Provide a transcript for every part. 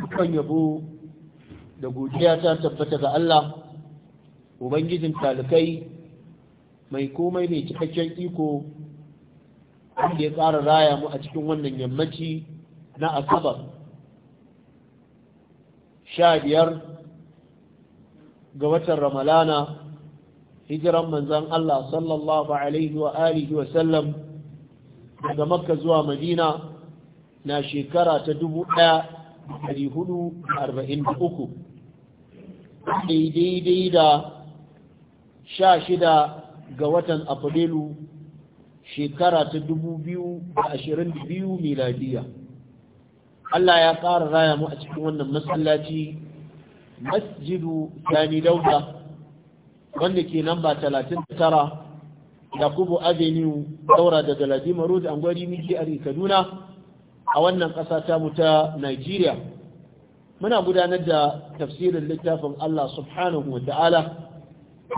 dukkan yabo da godiya ta tabbata ga Allah ubangijin talikai mai komai mai cikakken iko wanda ya ƙara raya mu a cikin wannan yammaci na asabar sha biyar ga watan ramalana hijiran manzan Allah sallallahu alaihi wa alihi wa sallam daga makka zuwa madina na shekara ta dubu ɗaya ɗari hudu arba'in da uku daidai da sha shida ga watan afrilu shekara ta dubu biyu da ashirin da biyu miladiya Allah ya ƙara raya mu a cikin wannan matsalaci. masjidu sani dauda wanda ke nan ba talatin da tara yakubu avenue daura da galadima road an gwari miki a kaduna a wannan ƙasa ta mu ta Najeriya muna gudanar da tafsirin littafin Allah subhanahu wa ta'ala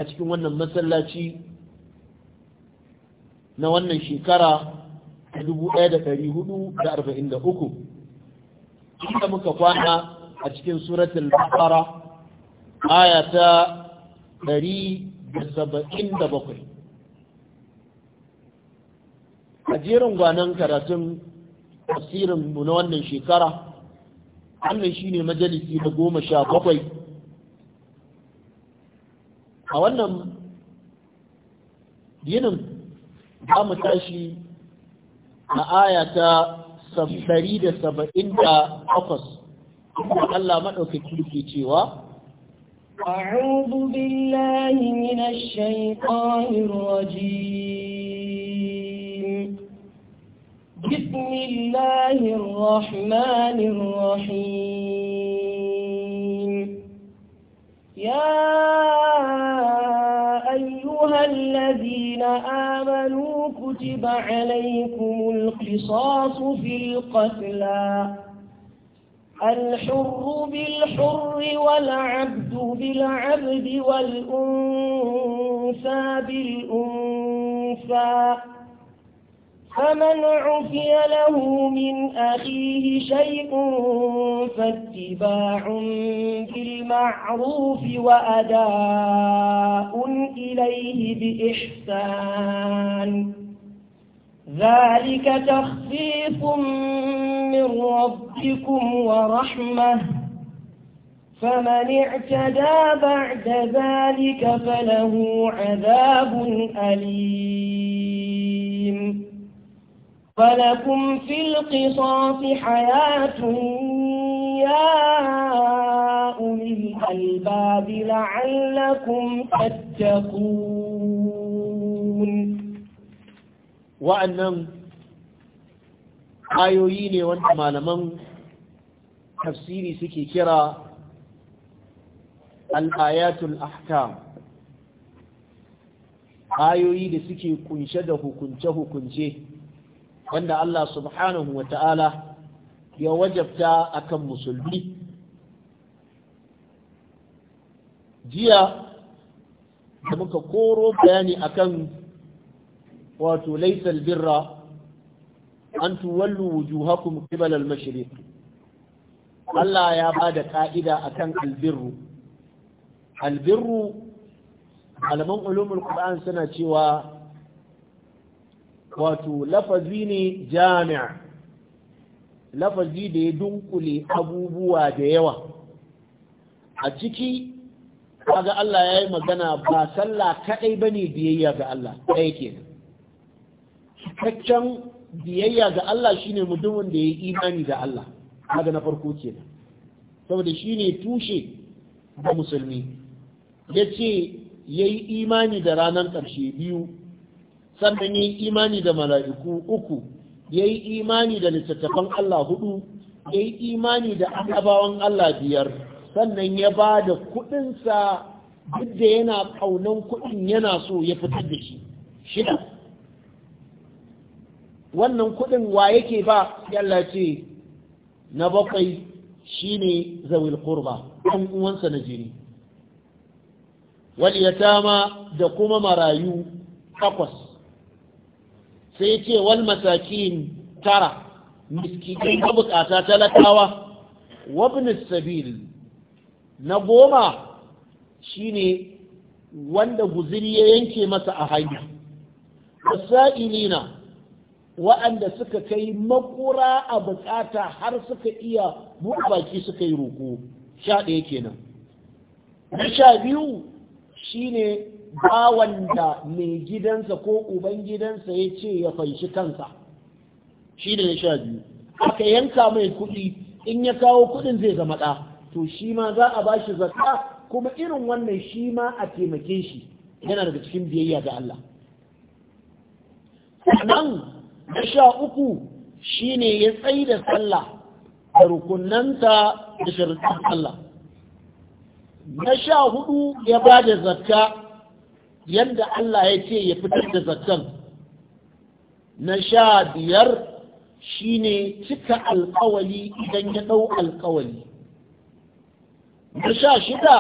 a cikin wannan masallaci na wannan shekara 1443 inda muka kwana a cikin suratun baqara aya ta 177 a jerin gwanan karatun tafsirin mu na wannan shekara wannan ne majalisi na goma sha bakwai a wannan yinin za mu tashi a aya ta da saba'in da takwas Allah maɗaukaki ke cewa أعوذ بالله من الشيطان الرجيم بسم الله الرحمن الرحيم يا أيها الذين آمنوا كتب عليكم القصاص في القتلى الحر بالحر والعبد بالعبد والأنثى بالأنثى فمن عفي له من أخيه شيء فاتباع بالمعروف وأداء إليه بإحسان ذلك تخفيف من ربكم ورحمة فمن اعتدى بعد ذلك فله عذاب أليم فلكم في القصاص حياة يا أولي الألباب لعلكم تتقون وأنهم آيوين وأنتم على من تفسيري سكي كرا الآيات الأحكام آيوين سكي كنشده كنشه كنشه wanda Allah subhanahu wa ta'ala ya wajabta akan musulmi jiya da muka koro bayani akan wato laisal birra an tuwallu wujuhakum qibala al-mashriq Allah ya bada ka'ida akan albirru albirru malaman ulumul qur'an suna cewa wato lafazi ne jami'a lafazi da ya dunkule abubuwa da yawa a ciki kaga Allah ya yi magana ba sallah kaɗai ba ne biyayya ga Allah ɗaya cikakken biyayya ga Allah shi ne mutumin da ya yi imani da Allah kaga na farko da. saboda shi ne tushe ga musulmi ya ce ya yi imani da ranar ƙarshe biyu sannan ya yi imani da mala'iku uku ya yi imani da littattafan Allah hudu ya yi imani da annabawan Allah biyar sannan ya ba da kudinsa duk da yana kaunan kudin yana so ya fitar da shi shida wannan kudin wa yake ba yalla ce na bakwai shine zawil kurba ɗan uwansa na jini wal yatama da kuma marayu takwas sai ce wal masakin tara miskinai mabukata talakawa wabin sabil na goma shine wanda guziri ya yanke masa a hanya wasa'ilina wa'anda suka kai makura a bukata har suka iya buɗe baki suka yi roƙo sha ɗaya kenan na sha biyu shine bawan da mai gidansa ko uban gidansa ya ce ya fanshi kansa shi da na sha biyu aka yanka mai kuɗi in ya kawo kuɗin zai zama ɗa to shi ma za a ba shi zakka kuma irin wannan shi ma a taimake shi yana daga cikin biyayya ga Allah Nan na sha uku shi ne ya tsaye da sallah da rukunanta da shirin Allah na sha hudu ya ba da zakka yadda Allah ya ce ya fitar da zakkan na sha biyar shine cika alkawali idan ya ɗau alkawali na sha shida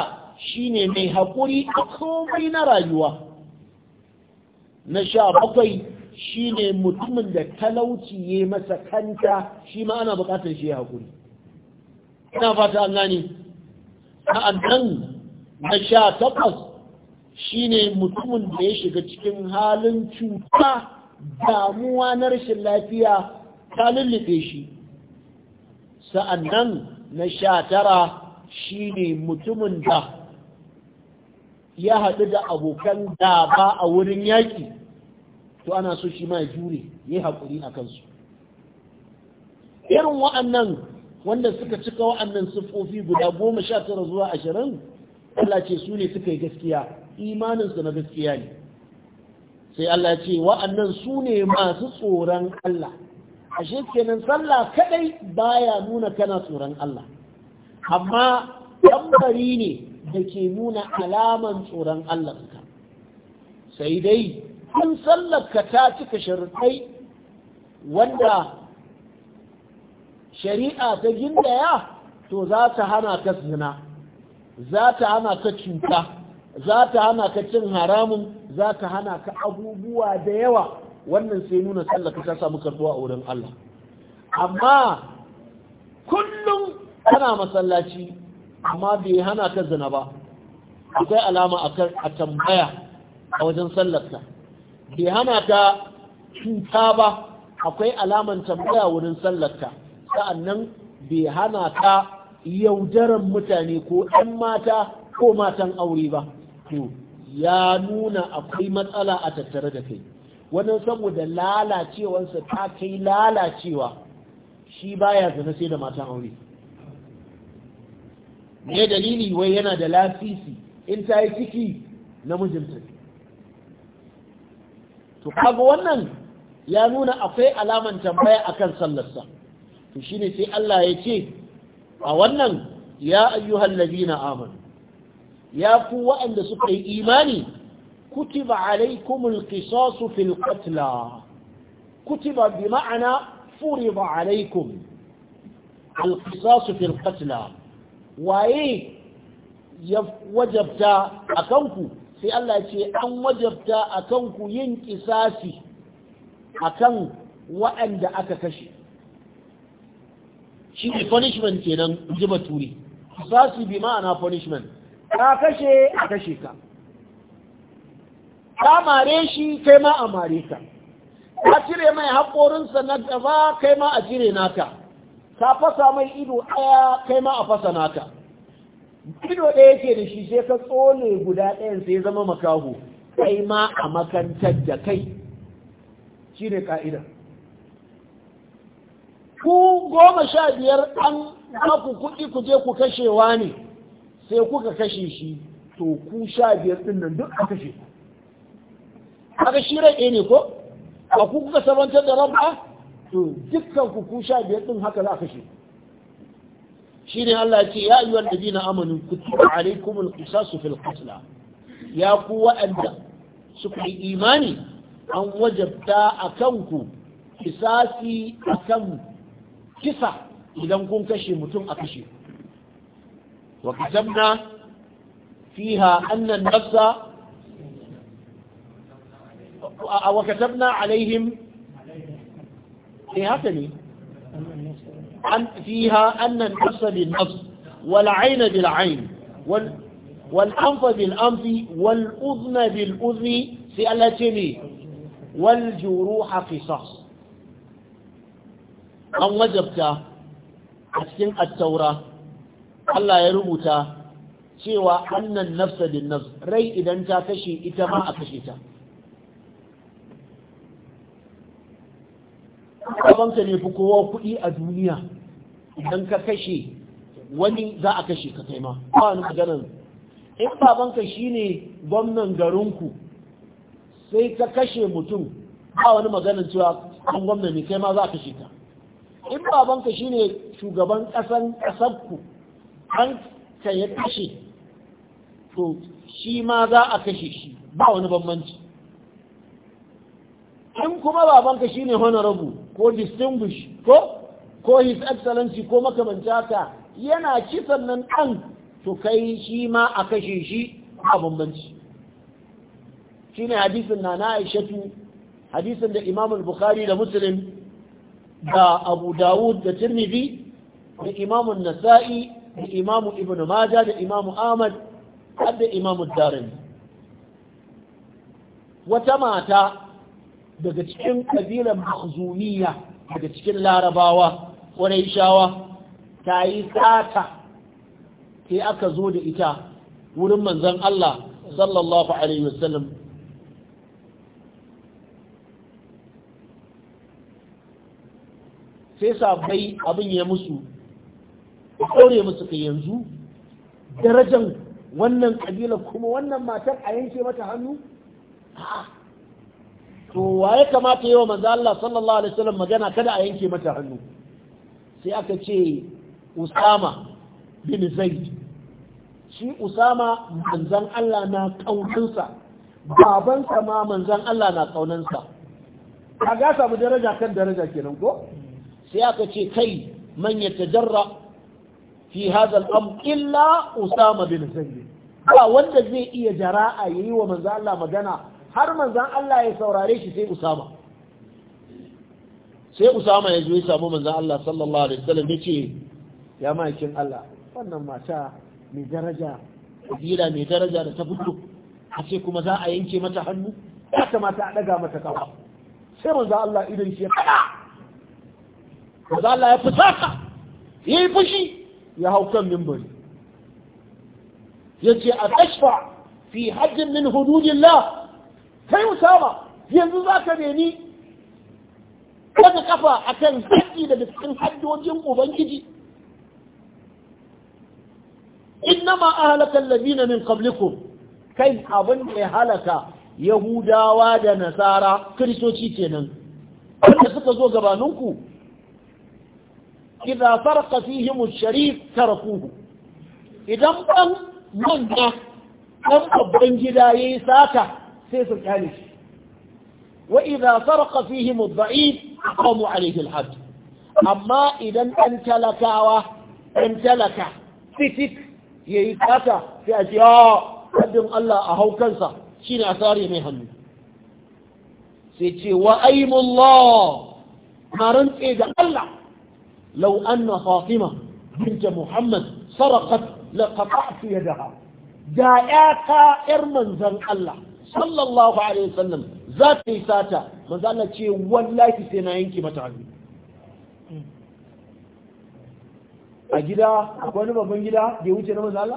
shine mai haƙuri a komai na rayuwa na sha bakwai shine mutumin da talauci ya masa kanta shi ma ana bukatar shi haƙuri ina fata an gani sa'an nan na sha takwas shine mutumin da ya shiga cikin halin cuta damuwa na rashin lafiya ta lullube shi sa'annan na sha tara shine mutumin da ya haɗu da abokan gaba a wurin yaƙi to ana so shi ma ya jure ya yi haƙuri a kansu irin wa'annan wanda suka cika wa'annan siffofi guda goma sha tara zuwa ashirin Allah ce su ne suka yi gaskiya imaninsu na gaskiya ne sai Allah ce wa'annan su ne masu tsoron Allah ashe kenan sallah kadai baya nuna kana tsoron Allah amma tambari ne da ke nuna alaman tsoron Allah ka sai dai kun sallarka ta cika sharuɗai wanda shari'a ta gindaya to za ta hana ka zina za ta hana ka cuta za ta hana ka cin haramun za ta hana ka abubuwa da yawa wannan sai nuna sallah ka ta samu karbuwa a wurin Allah amma kullum ana masallaci amma bai hana ka zina ba akwai alama a tambaya a wajen sallarka bai hana ka cuta ba akwai alaman tambaya wurin sallarka sa'annan bai hana ka yaudaran mutane ko 'yan mata ko matan aure ba to ya nuna akwai matsala a tattare da kai wannan saboda lalacewansa ta kai lalacewa shi baya zana sai da matan aure ne dalili wai yana da lafisi in ta yi ciki na mijinta to kaga wannan ya nuna akwai alaman tambaya akan sallarsa to shine sai Allah ya ce a wannan ya ayyuhal ladina amanu ya ku waɗanda suka yi imani kutiba alaikumul qisasu fil qatla kutiba bi ma'ana furida alaikum al qisasu fil qatla waye ya wajabta akan ku sai Allah ya ce an wajabta akan ku yin kisasi akan waɗanda aka kashe shi punishment kenan jiba turi kisasi bi ma'ana punishment ka kashe a kashe ka ka mare shi kai ma a mare ka ka cire mai haƙorinsa na gaba kai ma a cire naka ka fasa mai ido ɗaya kai ma a fasa naka ido ɗaya ke da shi sai ka tsone guda ɗayan sai zama makaho kai ma a makantar da kai shi ne ka'ida ku goma sha biyar an ku kuɗi ku je ku kashewa ne sai kuka kashe shi to ku sha biyar ɗin nan duk a kashe ku aka shi rai ne ko a ku kuka sabantar da rab'a to dukkan ku ku sha biyar ɗin haka za a kashe ku shi ne Allah ce ya yi wanda dina amanu kutuba alaikumul qisasu fil qatl ya ku wa'anda suka yi imani an wajabta a kanku kisasi akan kisa idan kun kashe mutum a kashe ku وكتبنا فيها أن النفس وكتبنا عليهم إيه أن فيها أن النفس بالنفس والعين بالعين وال والأنف بالأنف والأذن بالأذن سألتني والجروح قصص أن وجبت أسن التوراة Allah ya rubuta cewa annan nafsa din nafs rai idan ta kashe ita ma a kashe ta babanka ne fi kowa kuɗi a duniya idan ka kashe wani za a kashe ka kai ma ba wani maganar in babanka shine gwamnan garinku sai ka kashe mutum ba wani maganar cewa an gwamna ne kai ma za a kashe ka in babanka shine shugaban ƙasan ƙasarku ɗanka ya kashe to shi ma za a kashe shi ba wani bambanci in kuma babanka shi ne honorable ko distinguish ko ko his excellency ko makamanci haka yana kisan nan ɗan to kai shi ma a kashe shi a bambanci shi ne hadisin na na aishatu hadisin da imam al-bukhari da muslim da abu dawud da tirmidhi da imam nasa'i da imamu ibn maja da imamu ahmad har da imamu darin wata mata daga cikin kabilan mahzumiya daga cikin larabawa ƙwarai shawa ta yi sata sai aka zo da ita wurin manzon Allah sallallahu alaihi wasallam sai sabai abin ya musu ku ɗaure musu ka yanzu darajan wannan ƙabila kuma wannan matar a yanke mata hannu to wa ya kamata yi wa manzo Allah sallallahu alaihi wasallam magana kada a yanke mata hannu sai aka ce Usama bin Zaid shi Usama manzan Allah na ƙaunansa, babansa ma manzan Allah na ƙaunansa. A kaga samu daraja kan daraja kenan ko sai aka ce kai manyan tajarra fi hazal al illa usama bin zayd ba wanda zai iya jara'a yayi wa manzo Allah magana har manzon Allah ya saurare shi sai usama sai usama ya zo ya samu manzon Allah sallallahu alaihi wasallam yace ya makin Allah wannan mata mai daraja kabila mai daraja da ta fito a ce kuma za a yanke mata hannu ya mata a daga mata kafa sai manzo Allah idan shi ya kada manzo Allah ya fusata yayi fushi ya hau kan mimbari ya ce a tashfa fi hajjin min hududillah kai usama yanzu za ka nemi daga kafa a kan da daga cikin haddojin ubangiji innama ahlaka allazina min qablikum kai abin da ya halaka yahudawa da nasara kristoci kenan wanda suka zo gabaninku idza farqa fihim ash-sharif tarakuhu idan ban manya dan babban gida yayi sata sai su kyale shi wa idza farqa fihim ad-da'if aqamu alayhi al-hadd amma idan dan talakawa dan talaka fitik yayi sata sai a ce ah Allah a haukansa shine a tsare mai hannu sai ce wa aimullah na rantse da Allah لو أن فاطمة بنت محمد سرقت لقطعت يدها جاءك إرمن زن الله صلى الله عليه وسلم ذات ساتا من ذا الله شيء والله سيناينك متعلم a gida wani babban gida da wuce na mazala?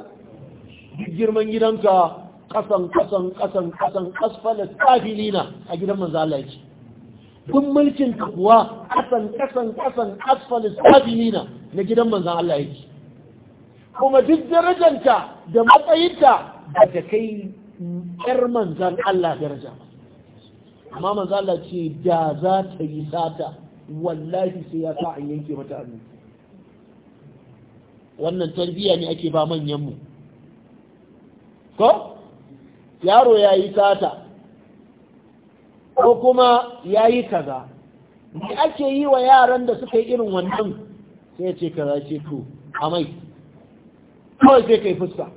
girman gidanka kasan kasan kasan kasan asfalar tafilina a gidan mazala yake kun mulkin ka kuwa kasan kasan kasan asfal sabilina na gidan manzon Allah yake kuma duk darajanta da matsayinta ba ta kai yar manzon Allah daraja amma manzon Allah ce da za ta yi sata wallahi sai ya sa an yanke mata hannu wannan tarbiyya ne ake ba manyan mu ko yaro ya yi sata ko kuma ya yi kaza me ake yi wa yaran da suka yi irin wannan sai ce kaza ce to mai. kawai sai ka yi fuska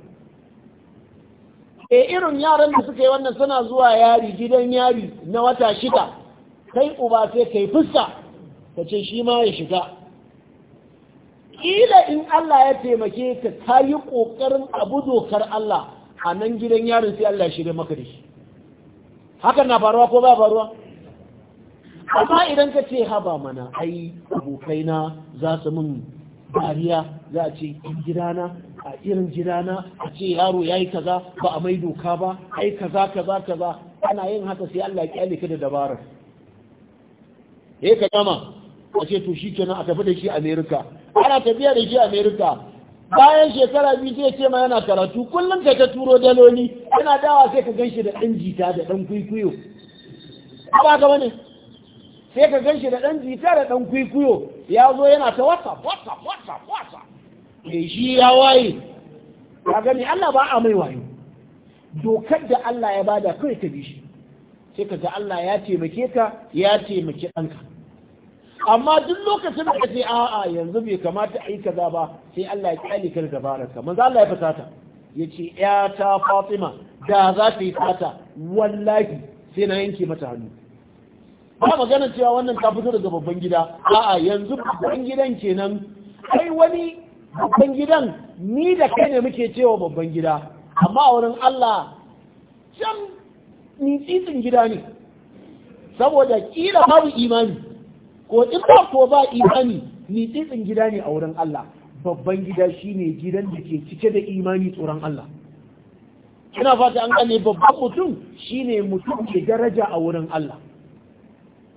e irin yaran da suka yi wannan suna zuwa yari gidan yari na wata shida kai uba sai ka yi fuska ka ce shi ma ya shiga ƙila in Allah ya taimake ka ta yi ƙoƙarin abu dokar Allah a nan gidan yarin sai Allah shirya maka da shi haka na faruwa ko ba faruwa amma idan ka ce haba mana ai abokaina za su min dariya za a ce in gidana a irin gidana a ce yaro ya yi kaza ba a mai doka ba ai kaza kaza kaza ana yin haka sai Allah ya kyale ka da dabarar eh ka gama a ce to shi kenan a tafi da shi Amerika ana tafiya da shi Amerika bayan shekara biyu zai ce ma yana karatu kullum ka ta turo daloli yana dawa sai ka ganshi da ɗan jita da ɗan kwikwiyo ba ka wani sai ka ganshi da ɗan jita da ɗan kwikwiyo ya zo yana ta whatsapp whatsapp whatsapp whatsapp ya eh, shi ya waye Ya gani Allah ba a mai wayo dokar da Allah ya bada kai ka bi shi sai ka ga Allah ya taimake ka ya taimaki ɗanka amma duk lokacin da kace a'a yanzu bai kamata a yi kaza ba sai Allah ya kyale ka da manzo Allah ya ce yace ya ta Fatima da za ta yi fata wallahi sai na yanke mata hannu ba magana cewa wannan ta fito daga babban gida a'a yanzu babban gidan kenan kai wani babban gidan ni da kai ne muke cewa babban gida amma a wurin Allah can ni tsitsin gida ne saboda kila babu imani ko in ba ko ba imani ni tsitsin gida ne a wurin Allah babban gida shine gidan da ke cike da imani tsoron Allah ina fata an gane babban mutum shine mutum ke daraja a wurin Allah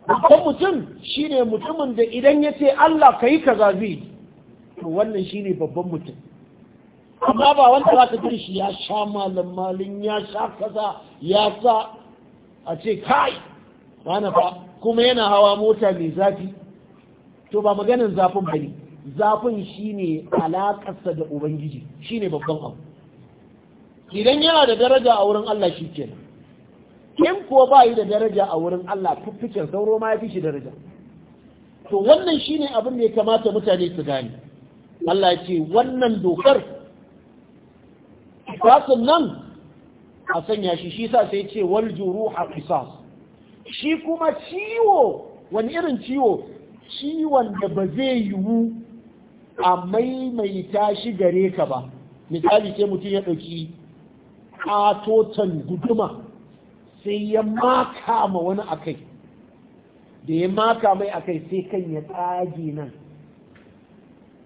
babban mutum shine mutumin da idan ya ce Allah kai kaza zai to wannan shine babban mutum amma ba wanda za ka ji shi ya sha malam malin ya sha kaza ya sa a ce kai wani fa kuma yana hawa mota mai zafi to ba maganin zafin bane zafin shine alakarsa da ubangiji shine babban abu idan yana da daraja a wurin Allah shi ke in kuwa ba yi da daraja a wurin Allah fuffiken sauro ma ya fi shi daraja to wannan shine abin da ya kamata mutane su gane Allah ce wannan dokar fasin nan a sanya shi shi sa sai ce wal juruha qisas shi kuma ciwo wani irin ciwo ciwon da ba zai yiwu a maimaita shi gare ka ba misali sai mutum ya ɗauki katoton guduma sai ya maka ma wani akai da ya maka mai akai sai kan ya tsage nan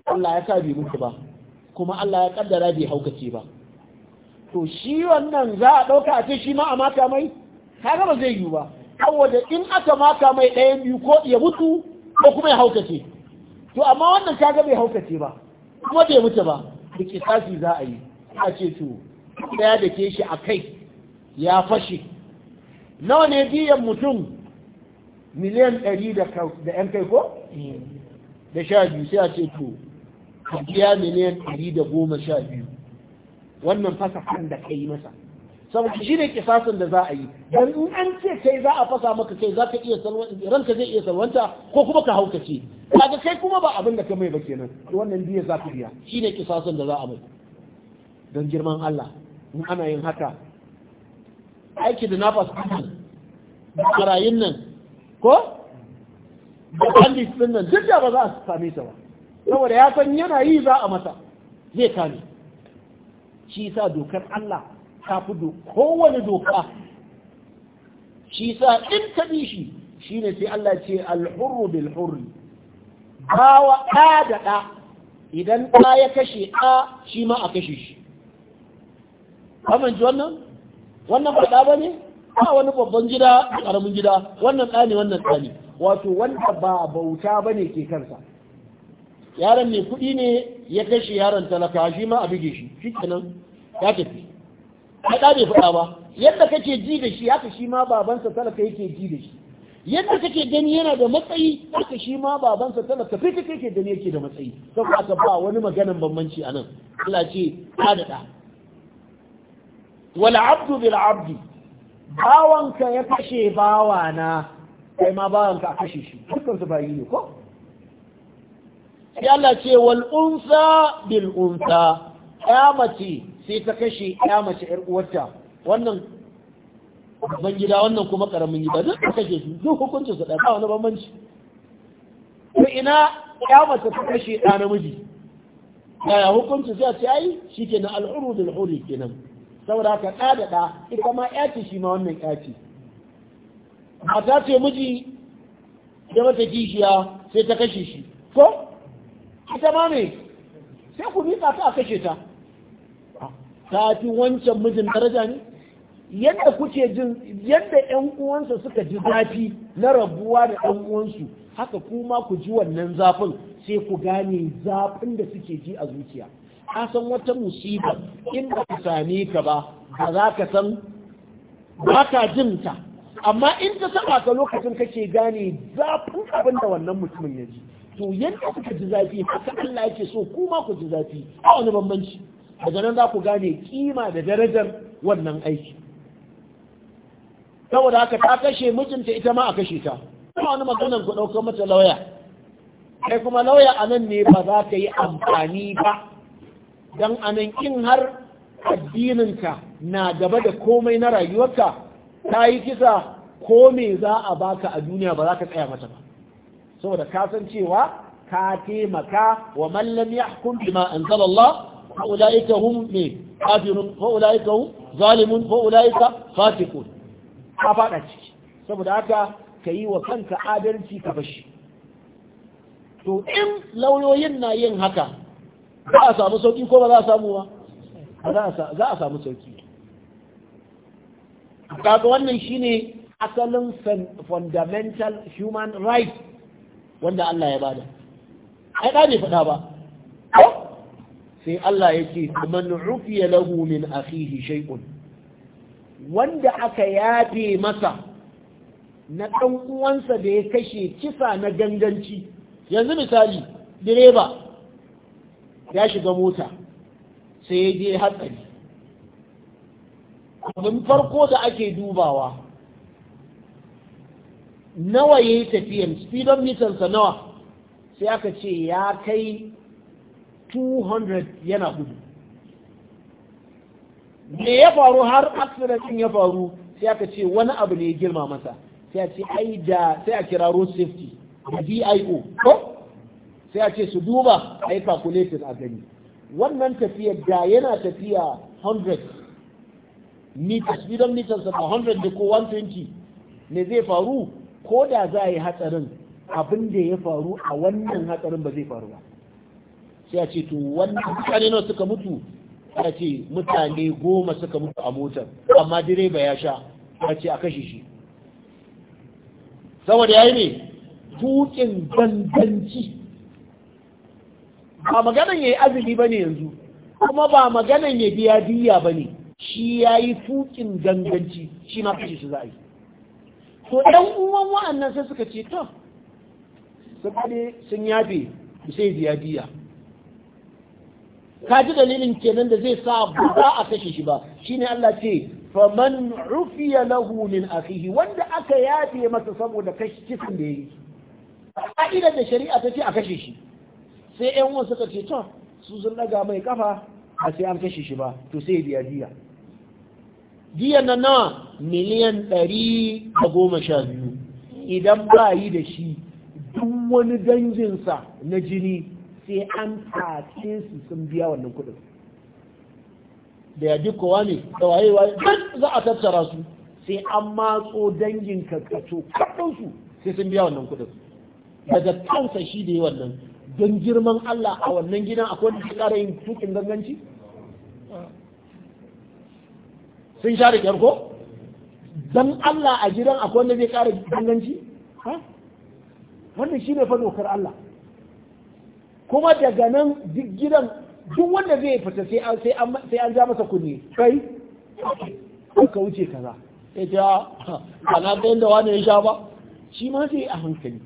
Allah ya sa bai mutu ba kuma Allah ya kaddara bai haukace ba to shi wannan za a ɗauka a ce shi ma a maka mai kaga ba zai yiwu ba saboda in aka maka mai ɗayan biyu ko ya mutu ko kuma ya haukace to amma wannan kaga bai haukace ba kuma bai mutu ba da kisasi za a yi a ce to ɗaya da ke shi a kai ya fashe nawa ne biyan mutum miliyan ɗari da ‘yan kai ko? da sha biyu sai a ce to biya miliyan ɗari da goma sha biyu wannan fasa kan da kai masa saboda shi ne kisasin da za a yi dan in an ce kai za a fasa maka kai za ka iya ranka zai iya salwanta ko kuma ka ce kaga kai kuma ba abin da ka mai ba kenan wannan biya za ka biya shi ne kisasin da za a mai don girman Allah in ana yin haka aiki da nafas karayin nan ko da kandis din nan duk da ba za a same ta ba saboda ya san yana yi za a mata zai kame shi sa dokar Allah ta fi kowane doka shi sa in ta bi shi shi ne sai Allah ce alhurru bil hurri bawa ɗa da ɗa idan ɗa ya kashe ɗa shi ma a kashe shi amince wannan wannan ba ɗa ba ne ba wani babban gida da ƙaramin gida wannan ɗa ne wannan ɗa ne wato wanda ba bauta ba ne ke kansa yaron mai kuɗi ne ya kashe yaron talaka shi ma a bige shi shi kenan ya tafi ai bai faɗa ba yadda kake ji da shi haka shi ma babansa talaka yake ji da shi yadda kake gani yana da matsayi haka shi ma babansa talaka fita kake gani yake da matsayi saboda aka ba wani maganan bambanci a nan Allah ce ta da ɗa wal abdu bil abdi bawanka ya kashe bawana kai ma bawanka a kashe shi dukkan su bayi ne ko sai Allah ce wal unsa bil unsa ya mace sai ta kashe ya mace ƴar uwarta wannan ban gida wannan kuma ƙaramin gida duk ta kashe su duk hukuncin su ɗaya wani bambanci ko ina ya mace ta kashe ɗa namiji yaya hukunci sai a ce ai shi ke na al'uru da al'uri ke nan saboda haka ɗa da ɗa ita ma ya ce shi ma wannan ya ce mata ce miji da mata kishiya sai ta kashe shi ko ita ma me sai ku miƙa ta a kashe ta kafin wancan mijin daraja ne yadda kuke jin yadda ƴan uwansa suka ji zafi na rabuwa da ƴan uwansu haka kuma ku ji wannan zafin sai ku gane zafin da suke ji a zuciya a san wata musiba in ba ka same ka ba ba za ka san ba ka jin ta amma in ta saba ka lokacin kake gane zafin abin da wannan mutumin ya ji to yadda kuka ji zafi haka Allah yake so kuma ku ji zafi a wani bambanci daga nan za ku gane kima da darajar wannan aiki saboda haka ta kashe mijinta ita ma a kashe ta kuma wani maganan ku ɗaukar mata lauya kai kuma lauya a nan ne ba za ka yi amfani ba don a nan in har addininka na gaba da komai na rayuwarka ta yi kisa ko me za a baka a duniya ba za ka tsaya mata ba saboda ka san cewa ka taimaka wa mallam ya hukum bima anzalallah فأولئك هم مين كافرون فأولئك هم ظالمون فأولئك فاتقون أفعل أتك سبب ذلك كي وكانك عادل في كفش to in lauyoyin na yin haka za a samu sauki ko ba za a samu ba za a samu sauki kaga wannan shine asalin fundamental human right wanda Allah ya bada ai da bai faɗa ba sai Allah yake man rufiya lahu min akhihi shay'un wanda aka yafe masa na dan uwansa da ya kashe kisa na ganganci yanzu misali direba ya shiga mota sai ya je hatsari abin farko da ake dubawa nawa ya yi tafiyan speedometer sa nawa sai aka ce ya kai 200 yana gudu me ya faru har accident din ya faru sai aka ce wani abu ne ya girma masa sai a ce ai da sai a kira road safety da DIO ko sai a ce su duba a yi calculated a gani wannan tafiyar da yana tafiya 100 meters speedon meters of 100 da ko 120 ne zai faru ko da za a yi hatsarin abin da ya faru a wannan hatsarin ba zai faru ba sai ya ce to wannan mutane nawa suka mutu ya ce mutane goma suka mutu a motar amma direba ya sha ya ce a kashe shi saboda ya yi ne tukin dandanci ba maganan ya yi azumi ba ne yanzu kuma ba maganan ya biya diya ba ne shi ya yi tukin danganci shi ma kashe shi za yi to ɗan uwan wa'annan sai suka ce to sun yafe sai biya diya ka ji dalilin kenan da zai sa ba a kashe shi ba shine Allah ce faman ufiya lahu min akhihi wanda aka yafe masa saboda kashi kisan da yayi ka'ida da shari'a ta ce a kashe shi sai ƴan uwan suka ce to su sun daga mai kafa a sai an kashe shi ba to sai biya diya diyan na nawa miliyan ɗari da goma sha biyu idan ba yi da shi duk wani danginsa na jini sai an face su sun biya wannan kuɗin da ya kowa ne da waye waye za a tattara su sai an matso dangin kakaco kaɗansu sai sun biya wannan kuɗin daga kansa shi da yi wannan don girman Allah a wannan gidan akwai wanda ke ƙara yin tukin ganganci sun share ƙyar ko don Allah a gidan akwai wanda zai ƙara ganganci wannan shi ne fadokar Allah kuma daga nan duk gidan duk wanda zai fita sai an ja masa kunne kai ka wuce kaza sai ta ana ɗayan da wani ya sha ba shi ma sai a hankali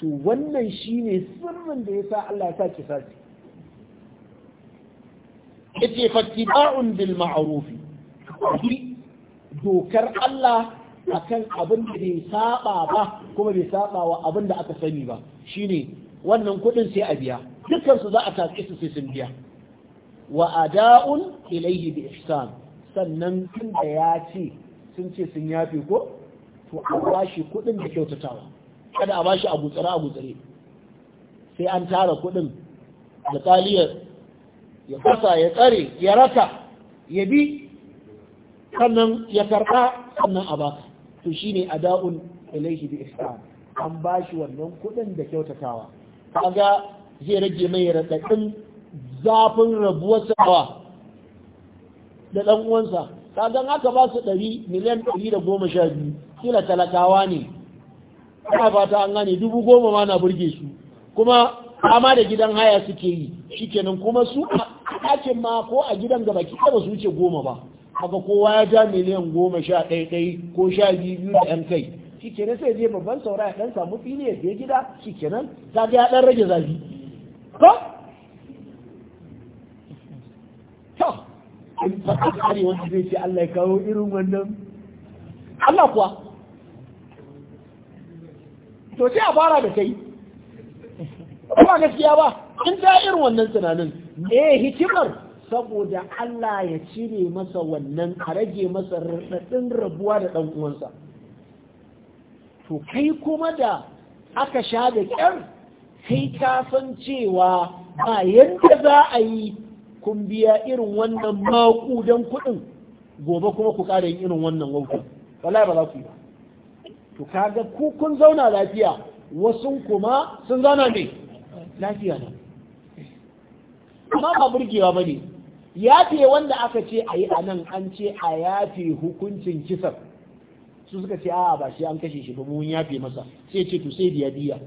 to wannan shi ne sirrin da ya sa Allah ya sa ki sati fatti ba'un bil ma'ruf dokar Allah akan abin da bai saba ba kuma bai saba wa abin da aka sani ba shine wannan kudin sai a biya dukansu za a tafi su sai sun biya wa ada'un ilayhi bi ihsan sannan tun da ya ce sun ce sun yafe ko to a bashi kuɗin da kyautatawa kada a bashi abu tsare abu tsare sai an tara kuɗin taliyar ya fasa ya tsare ya rasa ya bi sannan ya karba sannan a baka to shine ada'un ilayhi bi ihsan an bashi wannan kuɗin da kyautatawa kaga zai rage mai raɗaɗin zafin rabuwar wa da ɗan uwansa kagan aka ba su ɗari miliyan ɗari da goma sha biyu kila talakawa ne ana fata an gane dubu goma ma na burge su kuma kama da gidan haya suke yi kenan kuma su a ɗakin ma ko a gidan gaba ki ba su wuce goma ba haka kowa ya ja miliyan goma sha ɗaya ɗai ko sha biyu da ɗan kai kenan sai zai babban saura ya ɗan samu fili ya je gida kenan ta ga ya ɗan rage zafi ko to in ba ka kare wanda zai ce Allah ya kawo irin wannan Allah kuwa to sai a fara da kai ba gaskiya ba in ta irin wannan tunanin eh hikimar saboda Allah ya cire masa wannan a rage masa raɗaɗin rabuwa da ɗan uwansa to kai kuma da aka sha da ƙyar kai ka san cewa ba yadda za a yi kun biya irin wannan makudan kuɗin gobe kuma ku ƙara yin irin wannan wautan wallahi ba za ku yi ba to kaga ku kun zauna lafiya wasu kuma sun zauna ne lafiya ne amma ba burgewa ba ne yafe wanda aka ce a yi a nan an ce a yafe hukuncin kisan, su suka ce a ba shi an kashe shi ba mun yafe masa sai ce to sai diya diya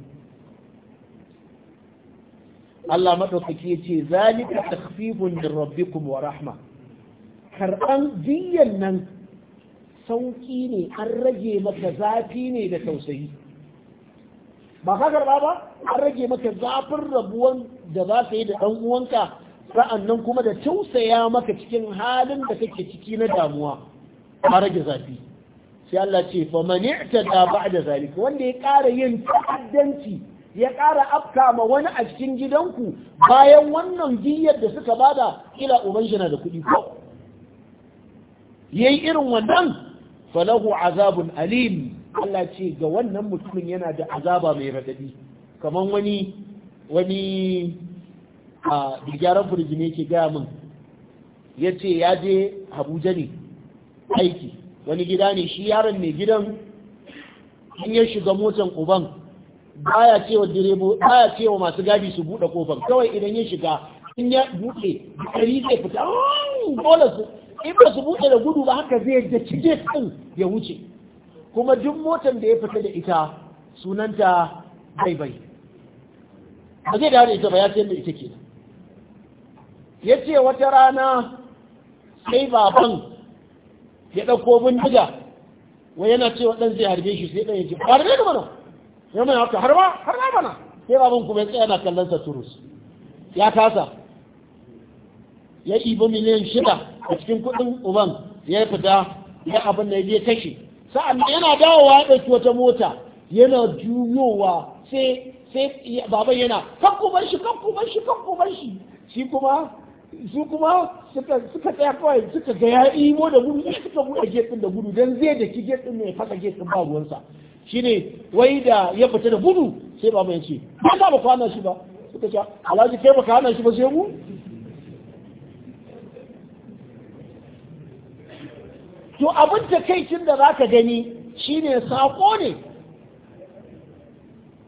Allah madaukaki yace zalika takhfifun min rabbikum wa rahma karɓan jiyan nan sauƙi ne an rage maka zafi ne da tausayi ba ka karba ba an rage maka zafin rabuwan da za ka yi da ɗan uwanka sa'annan kuma da tausaya maka cikin halin da kake ciki na damuwa ba rage zafi sai Allah ce fa man i'tada ba'da zalika wanda ya ƙara yin ta'addanci ya ƙara afka ma wani a cikin gidanku bayan wannan jiyyar da suka bada ila uban na da kuɗi ko yayi irin wannan falahu azabun alim Allah ce ga wannan mutumin yana da azaba mai radadi kamar wani wani a furji ne ke gaya min ya ce ya je Habuja ne aiki wani gida ne shi yaron mai gidan in ya shiga motan uban baya cewa direbo baya cewa masu gadi su bude kofar kawai idan ya shiga in ya bude dari zai fita dole su in ba su bude da gudu ba haka zai da cije din ya wuce kuma duk motan da ya fita da ita sunanta baibai ba zai dawo ita ba ya san da ita ke ya ce wata rana sai baban ya ɗauko bindiga wai yana cewa ɗan zai harbe shi sai ɗan ya ji ba da ya mai haka har ma har mana sai babun kuma ya tsaya na kallon sa turus ya kasa ya ibo miliyan shida a cikin kuɗin uban ya fita ya abin da ya kashe sa'an yana dawowa ya ɗauki wata mota yana juyowa sai sai baban yana kanku bar shi kanku bar shi kanku bar shi shi kuma su kuma suka tsaya kawai suka ga ya imo da gudu suka buɗe gefen da gudu dan zai da ki gefen din ne fasa gate ba ruwansa shine wai da ya fita da gudu sai ba mai ce ba ba kwanan shi ba suka ce alhaji kai ba kwanan shi ba sai mu to abin takaicin da za ka gani shine sako ne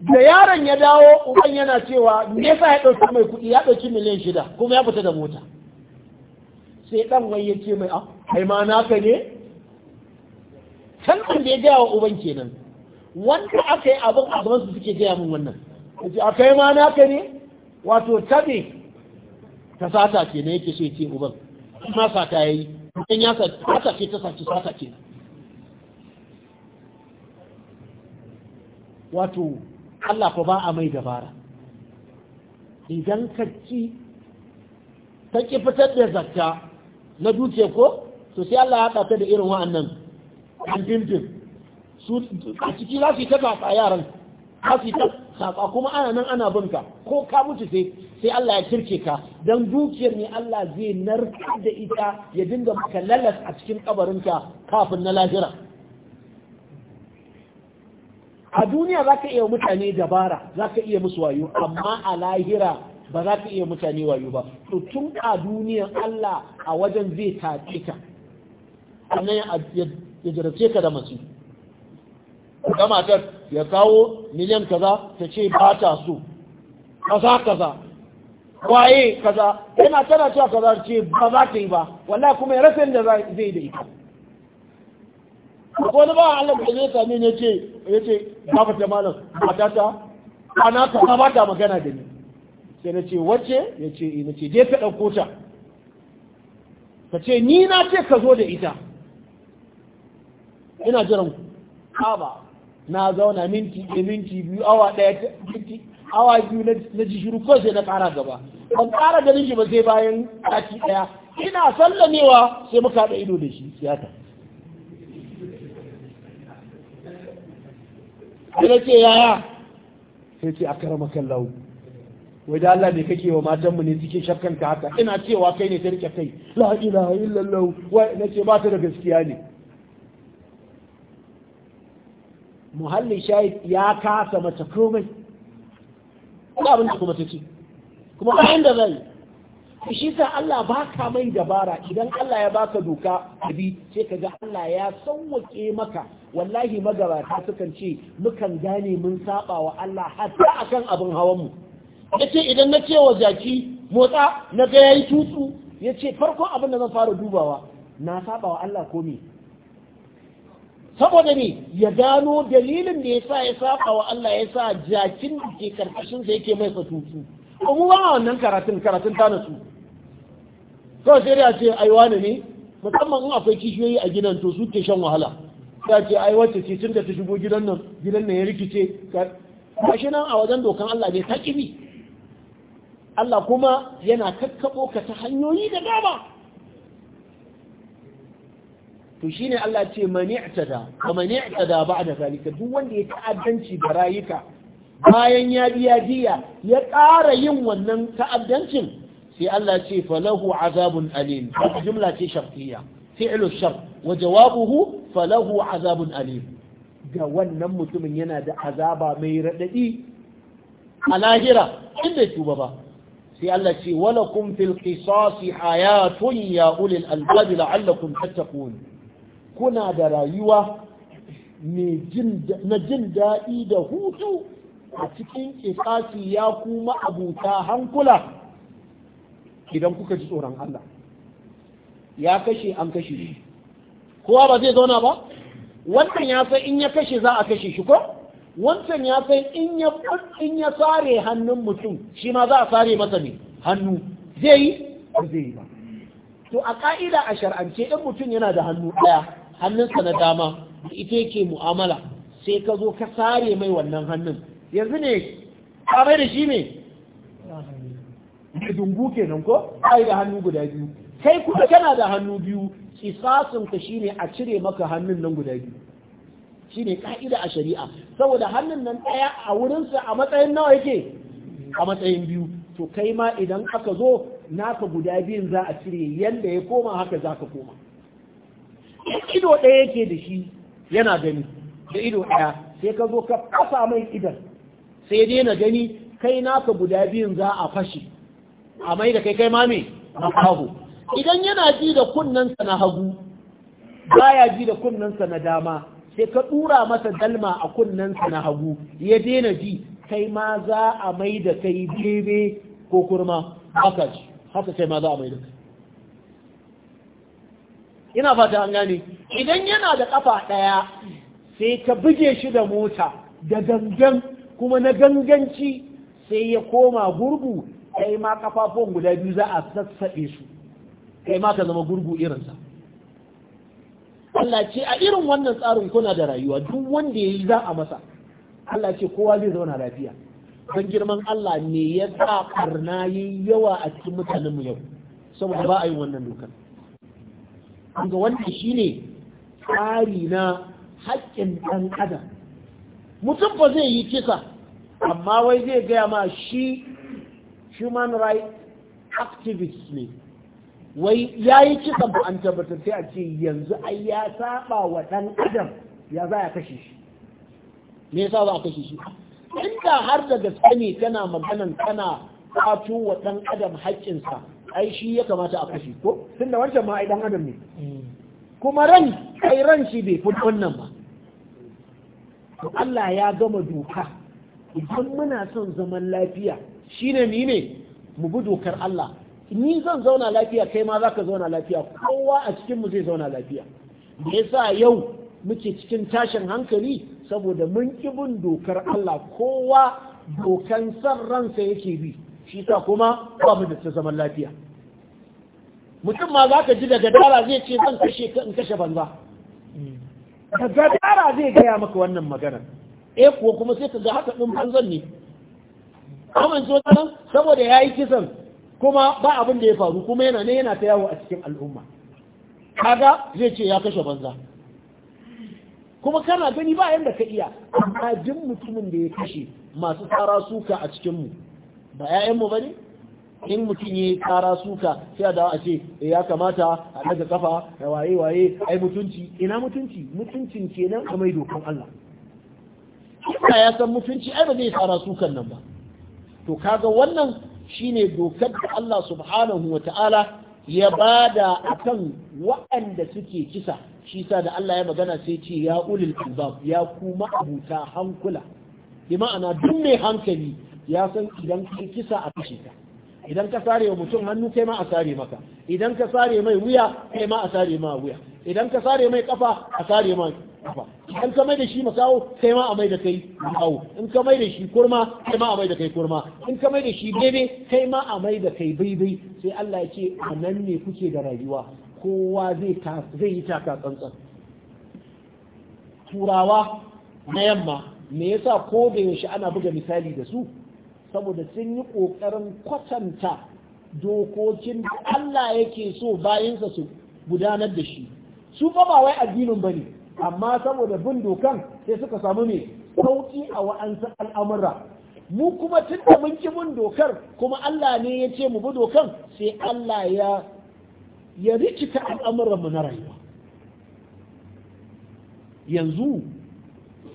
da yaron ya dawo uban yana cewa me yasa ya ɗauki mai kuɗi ya ɗauki miliyan shida kuma ya fita da mota sai ɗan wai ya ce mai a ah, kai ma naka ne kan da ya gaya wa uban kenan wanda aka yi abin a su suke gaya min wannan yace a kai ma naka ne wato tabi ta sata ce ne yake so ce uban ma sata yayi in ya sata ce ta sace sata ce wato Allah fa ba a mai dabara idan ka ci ta ki fitar da zakka na dutse ko to sai Allah ya haɗa ta da irin wa'annan an dimdim a ciki za su yi ta tsatsa yaran za su yi ta tsatsa kuma ana nan ana bin ka ko ka mutu sai sai Allah ya kirke ka Don dukiyar ne Allah zai narka da ita ya dinga maka lalas a cikin kabarinka kafin na lahira a duniya za ka iya mutane dabara za ka iya musu wayo amma a lahira ba za ka iya mutane wayo ba to tun a duniya Allah a wajen zai tace ka ya jarabce ka da masu ga matar ya kawo miliyan kaza ta ce ba ta so kaza kaza waye kaza yana tana cewa kaza ce ba za ta yi ba wallahi kuma ya rasa yadda zai da ita wani ba Allah da zai sami ne ce ya ce ba ta malam ba ta ana ta ba ta magana da ni sai na ce wacce ya ce ina eh, ce je ka ɗauko ta ka ce ni na ce ka zo da ita ina jiran ku ba na zauna minti ɗaya minti biyu awa ɗaya minti awa biyu na ji shiru ko sai na ƙara gaba ban ƙara ganin shi ba sai bayan ɗaki ɗaya ina sallamewa sai muka haɗa ido da shi siyata sai ce yaya sai ce a karama lau. wai da Allah ne kake wa matanmu ne suke shakkanka haka ina cewa kai ne ta rike kai la ilaha illallah wai ce ba ta da gaskiya ne muhallin shahid ya kasa mace komai kuma abin da kuma ta ce kuma bayan da zai shi sa Allah ba ka mai dabara idan Allah ya baka doka abi sai ka ga Allah ya sauwake maka wallahi magabata sukan ce mukan gane mun saba wa Allah hatta akan abin hawan mu yace idan na ce wa jaki motsa na ga yayi tutsu yace farko abin da zan fara dubawa na saba wa Allah ko me saboda ne ya gano dalilin da ya sa ya saba wa Allah ya sa jakin ke karkashin sa yake mai fatutu kuma ba wannan karatun karatun ta nasu kawai sai ya ce ai wani ne musamman in akwai kishiyoyi a gidan to su ke shan wahala ya ce ai wacce ce tun da ta shigo gidan nan gidan nan ya rikice gashi nan a wajen dokan Allah ne ta kibi Allah kuma yana kakkabo ka ta hanyoyi da dama to ne Allah ce mani'tada da mani'tada da zalika duk wanda ya ta'addanci da rayuka bayan ya biya diya ya ƙara yin wannan ta'addancin sai Allah ce falahu azabun alim jumla ce shartiyya fi'lu shart wa jawabuhu falahu azabun alim ga wannan mutumin yana da azaba mai radadi a lahira inda tuba ba sai Allah ce walakum fil qisasi hayatun ya ulil albab la'allakum tattaqun kuna da rayuwa na jin daɗi da hutu a cikin ƙiƙasi ya kuma abuta hankula idan kuka ji tsoron Allah ya kashe an kashe shi kowa ba zai zauna ba wannan ya san in ya kashe za a kashe shi ko wancan ya san in ya sare hannun mutum shi ma za a sare masa ne hannu zai yi ba zai yi ba to a ka'ida a shar'ance in mutum yana da hannu ɗaya hannunsa na dama ita yake mu'amala sai ka zo ka sare mai wannan hannun yanzu ne ka da shi ne da dungu nan ko ai da hannu guda biyu kai kuma kana da hannu biyu kisasin ka ne a cire maka hannun nan guda biyu Shi ne ka'ida a shari'a saboda hannun nan ɗaya a wurinsa a matsayin nawa yake a matsayin biyu to kai ma idan aka zo naka guda biyun za a cire yadda ya koma haka za ka koma ido ɗaya yake da shi yana gani da ido ɗaya sai ka zo ka mai idan sai daina gani kai naka guda biyun za a fashe a mai da kai kai mame hagu. idan yana ji da kunnensa na hagu baya ji da kunnensa na dama sai ka ɗura masa dalma a kunnensa na hagu ya daina ji kai ma za a mai da kai bebe ko kurma haka haka ma za a mai da kai ina fata an gane idan yana da kafa ɗaya sai ka buge shi da mota da gangan kuma na ganganci sai ya koma gurgu kai ma kafafon guda biyu za a sassaɓe su kai ma ka zama gurgu irinsa Allah ce a irin wannan tsarin kuna da rayuwa duk wanda ya yi za a masa Allah ce kowa zai zauna lafiya don girman Allah ne ya sa karna yawa a cikin mutanenmu yau saboda ba a yi wannan dokar ga wannan shine tsari na haƙƙin ɗan adam mutum ba zai yi kisa amma wai zai gaya ma shi human rights activist ne wai ya yi kisa ba an tabbatar sai a ce yanzu ai ya saba wa ɗan adam ya za a kashe shi me yasa za a kashe shi inda har da gaske ne tana maganan tana kwato wa ɗan adam haƙƙinsa ai shi ya kamata a kashi ko tun da wancan ma ai dan adam ne kuma ran ai ran shi bai fi wannan ba to Allah ya gama doka idan muna son zaman lafiya shine ni ne mu bi dokar Allah ni zan zauna lafiya kai ma zaka zauna lafiya kowa a cikin mu zai zauna lafiya me yasa yau muke cikin tashin hankali saboda mun ki bin dokar Allah kowa dokan san ransa yake bi shi sa kuma ba mu da zaman lafiya mutum ma za ka ji daga dara zai ce zan kashe in kashe banza daga dara zai gaya maka wannan magana eh kuwa kuma sai ka ga haka ɗin banzan ne aman zo nan saboda ya yi kisan kuma ba abin da ya faru kuma yana ne yana ta yawo a cikin al'umma kaga zai ce ya kashe banza kuma kana gani ba yadda ka iya amma jin mutumin da ya kashe masu tsara suka a cikinmu ba 'ya'yanmu ba ne in mutum yi kara suka sai a dawo a ce eh, ya kamata a daga kafa da waye waye ai mutunci ina mutunci mutuncin kenan a mai dokan Allah Kuma ya san mutunci ai ba zai kara sukan nan ba to kaga wannan shine dokar da Allah subhanahu wa ta'ala ya bada akan waɗanda suke kisa shi sa da Allah ya magana sai ce ya ulil albab ya kuma abuta hankula bi ma'ana duk mai hankali ya san idan kai kisa a kashe ka idan ka sare wa mutum hannu kai ma a sare maka idan ka sare mai wuya kai ma a sare ma wuya idan ka sare mai kafa a sare ma kafa idan ka mai da shi masawo kai ma a mai da kai masawo in ka mai da shi kurma kai ma a mai da kai kurma in ka mai da shi bebe kai ma a mai da kai baibai sai Allah ya ce a nan ne kuke da rayuwa kowa zai zai yi taka tsantsan turawa na yamma me yasa ko da yaushe ana buga misali da su saboda sun yi ƙoƙarin kwatanta dokokin da Allah yake so bayansa su gudanar da shi su fa ba wai addinin bane amma saboda bin dokan sai suka samu ne sauki a wa'ansu al'amura mu kuma tun da mun ki bin dokar kuma Allah ne ya ce mu bi dokan sai Allah ya ya rikita al'amuran mu na rayuwa yanzu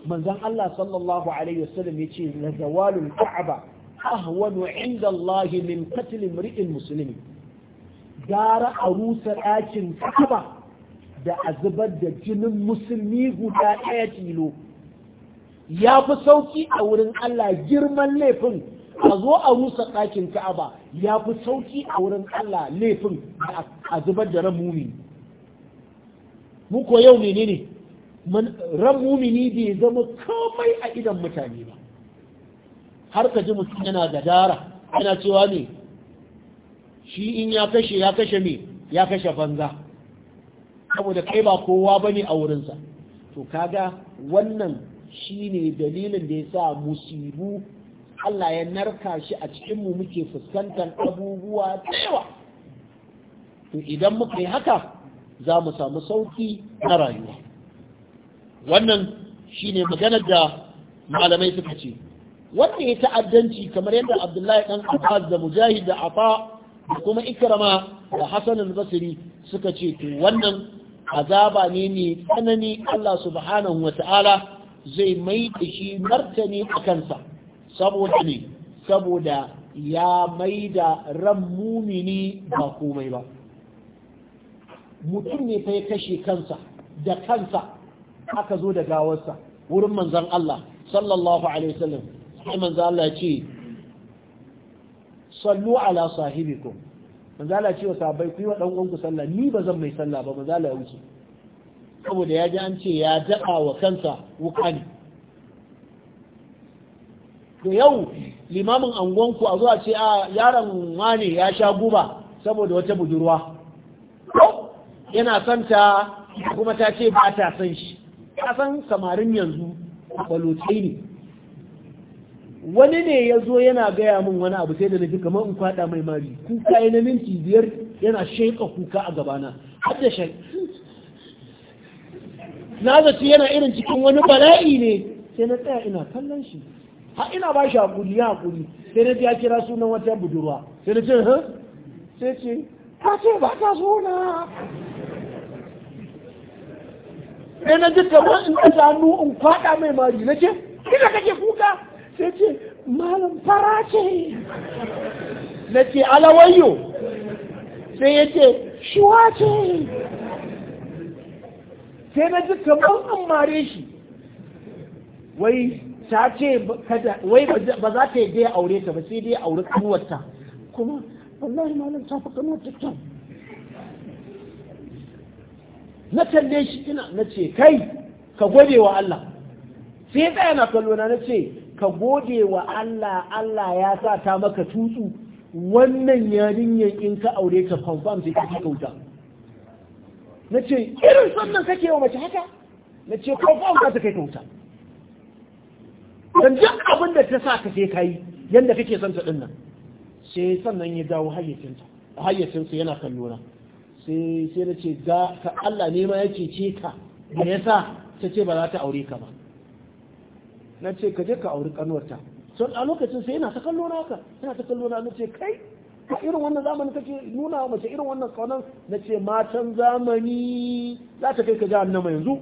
manzon Allah sallallahu alaihi wasallam ya ce la zawalul ka'aba ahwanu inda Allah min qatl imri'in muslimi gara a rusa ɗakin Ka'aba da a zubar da jinin musulmi guda ɗaya tilo ya fi sauki a wurin Allah girman laifin a zo a rusa ɗakin Ka'aba ya fi sauki a wurin Allah laifin a zubar da ran mumini mu ko yau menene ran mumini bai zama komai a idan mutane ba har ka ji mutum yana gadara yana cewa ne shi in ya kashe ya kashe me ya kashe banza saboda kai ba kowa ba ne a wurinsa to kaga wannan shi ne dalilin da ya sa musibu Allah ya narka shi a cikinmu muke fuskantar abubuwa da yawa to idan muka yi haka za mu samu sauki na rayuwa wannan shi ne maganar da malamai suka ce wanda ya ta'addanci kamar yadda abdullahi dan abbas da mujahid da afa da kuma ikrama da hasan al-basri suka ce to wannan azaba ne ne tsanani Allah subhanahu ta'ala zai mai da shi martani a kansa saboda ne saboda ya mai da ran mumini ba komai ba mutum ne fa ya kashe kansa da kansa aka zo da gawarsa wurin manzon Allah sallallahu alaihi wasallam sai manzo Allah ya ce sallu ala sahibikum manzo Allah ce wa sahabbai ku yi wa dan uwanku sallah ni ba zan mai sallah ba manzo Allah ya wuce saboda ya ji an ce ya daba wa kansa wukani to yau limamin angonku a zuwa ce a yaron wane ya sha guba saboda wata budurwa yana son ta kuma ta ce ba ta san shi ka san samarin yanzu a balotai ne wani ne ya zo yana gaya min wani abu sai da ji kamar in kwada mai mari kuka yi na minti biyar yana shaika kuka a gabana har da shai na zaci yana irin cikin wani bala'i ne sai na tsaya ina kallon shi ha ina ba shi hakuri ya hakuri sai na ya kira sunan wata budurwa sai na ce ha sai ce ta ce ba ta so na sai na ji kamar in ɗaga hannu in kwada mai mari na ce kina kake kuka sai ce malam fara ce na ce alawayo sai ya ce shuwa ce sai na ji kamar an mare shi wai ta ce wai ba za ta yi dai aure ta ba sai dai aure kanuwarta kuma wallahi malam ta fi ta kyau na kalle shi ina na ce kai ka gode wa Allah sai tsaya na kallo na ce ka gode wa Allah Allah ya sa ta maka tutsu wannan yarinyar in ka aure ta confirm sai ka kauta na ce irin sannan kake wa mace haka na ce confirm za ta kai kauta dan duk abin da ta sa ka sai kai yanda kake son ta dinnan sai sannan ya dawo hayyacinta hayyacinsa yana kallona sai sai na ce ga ka Allah ne ma ya ce ka me yasa ta ce ba za ta aure ka ba na ce ka je ka auri kanuwarta so a lokacin sai yana ta kallo na haka yana ta kallo na na ce kai a irin wannan zamani kake nuna mace irin wannan kaunan na ce matan zamani za ta kai ka jahannama yanzu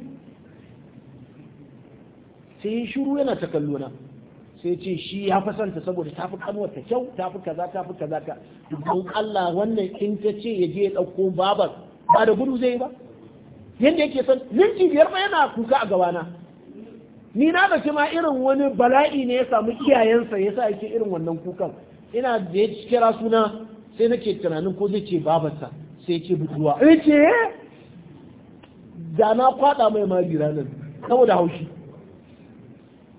sai yi shiru yana ta kallo na sai ce shi ya fi santa saboda ta fi kanuwar ta kyau ta kaza ta kaza ka don Allah wannan in ta ce ya je ya ɗauko babar ba da gudu zai yi ba yadda yake san minti biyar ba yana kuka a gabana ni na da ma irin wani bala'i ne ya samu iyayensa ya sa yake irin wannan kukan ina da ya kira suna sai nake tunanin ko zai ce babarsa sai ya ce budurwa ya ce da na kwada mai mari ranar saboda haushi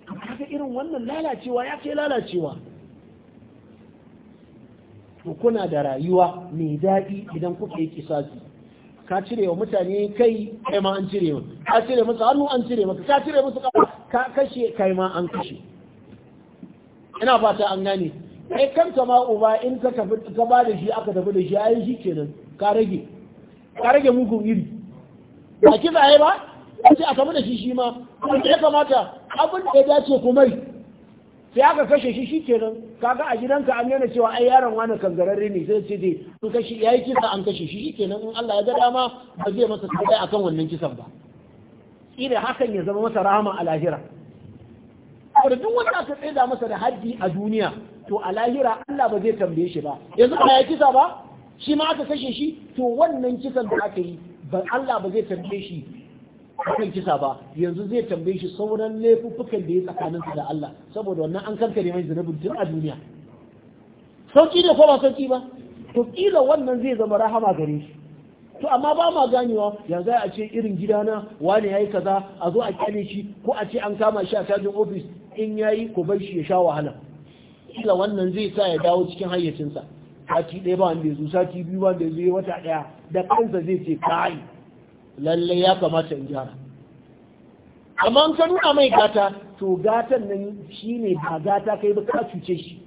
kaga irin wannan lalacewa ya ce lalacewa to kuna da rayuwa mai daɗi idan kuka yi kisasi ka cire wa mutane kai kai ma an cire wa? ka cire musu hannu an cire maka ka cire musu kafa ka kashe kai ma an kashe ina fata an gane kai kanta ma uba in ka tafi ka ba da shi aka tafi da shi ai shi kenan ka rage ka rage mugun iri ba ki zai ba sai a tafi da shi shi ma ya kamata abin da ya dace ku mai sai aka kashe shi shi kenan kaga a gidanka an yana cewa ai yaron wani kangararre ne sai ce dai an kashe yayi kisa an kashe shi kenan in Allah ya ga dama ba zai masa sai akan wannan kisan ba da hakan ya zama masa rahama a lahira saboda duk wanda aka tsaida masa da haddi a duniya to a lahira Allah ba zai tambaye shi ba yanzu ba ya kisa ba shi ma aka kashe shi to wannan kisan da aka yi ban Allah ba zai tambaye shi akan kisa ba yanzu zai tambaye shi sauran laifuffukan da ya tsakanin da Allah saboda wannan an kankare mai zunubin tun a duniya sauki ne ko ba sauki ba to kila wannan zai zama rahama gare shi to amma ba ma ganewa yanzu a ce irin gidana wani yayi kaza a zo a kyale shi ko a ce an kama shi a cajin ofis in yayi ko bar shi ya sha wahala kila wannan zai sa ya dawo cikin hayyacinsa sati ɗaya ba wanda ya zo sati biyu ba wanda ya zo ya wata ɗaya da kansa zai ce kai lalle ya kamata in gyara amma an nuna mai gata to gatan nan shine ba gata kai ba ka cuce shi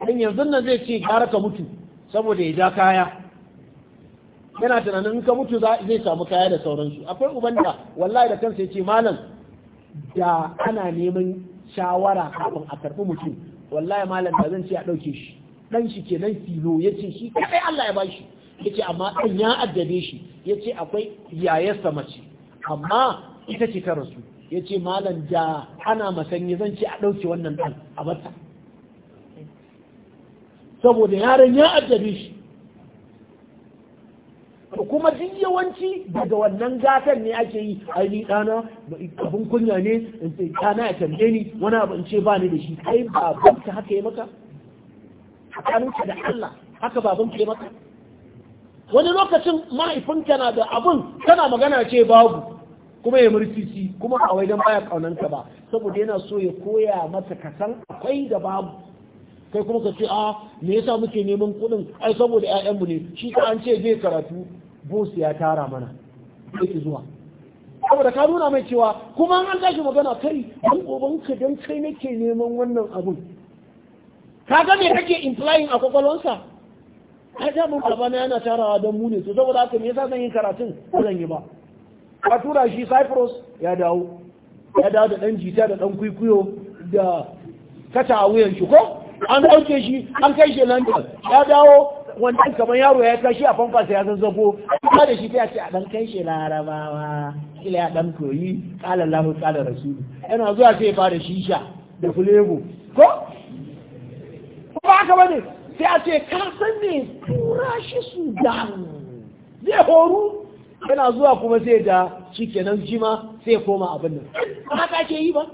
dan yanzu nan zai ce gara ka mutu saboda ya ja kaya yana tunanin in ka mutu za zai samu kaya da sauransu akwai uban da wallahi da kansa yace malam da ana neman shawara kafin a karbi mutum wallahi malam da zan ce a ɗauke shi dan shi kenan filo yace shi kai Allah ya bashi yace amma dan ya addabe shi yace akwai yayarsa mace amma ita ce ta rasu yace malam da ana masanyi zan ce a ɗauke wannan dan a bata saboda yaron ya addabe shi kuma duk yawanci daga wannan gatan ne ake yi ai ni dana abin kunya ne in ya tambaye ni wani abu in ce ba ni da shi kai babanka haka yi maka tsakaninka da Allah haka babanka yi maka wani lokacin mahaifinka na da abin kana magana ce babu kuma ya murtisi kuma a wajen baya kaunanka ba saboda yana so ya koya masa kasan akwai da babu kai kuma ka ce a ah, me yasa muke neman kuɗin ai saboda 'ya'yanmu ne shi ka an ce zai karatu bus ya tara mana ki zuwa saboda ka nuna mai cewa kuma an tashi magana kai don ka don kai nake neman wannan abun ka ga me kake implying a kwakwalwansa ai da mun na yana tarawa don mu ne to saboda haka me yasa zan yi karatun ko zan yi ba ka tura shi Cyprus ya dawo ya dawo da dan jita da dan kwikwiyo da kata a wuyan shi ko an ɗauke shi an kai shi London ya dawo wannan kamar yaro ya kashi a famfa ya ya zazzabo ba da shi ta ce a dan kai shi larabawa kila ya dan koyi kala lahu kala rasulu yana zuwa sai ya fara shisha da fulego ko ba ka bane sai a ce ka san ne tura shi sudan zai horu yana zuwa kuma sai da shi kenan jima sai koma abin nan haka ke yi ba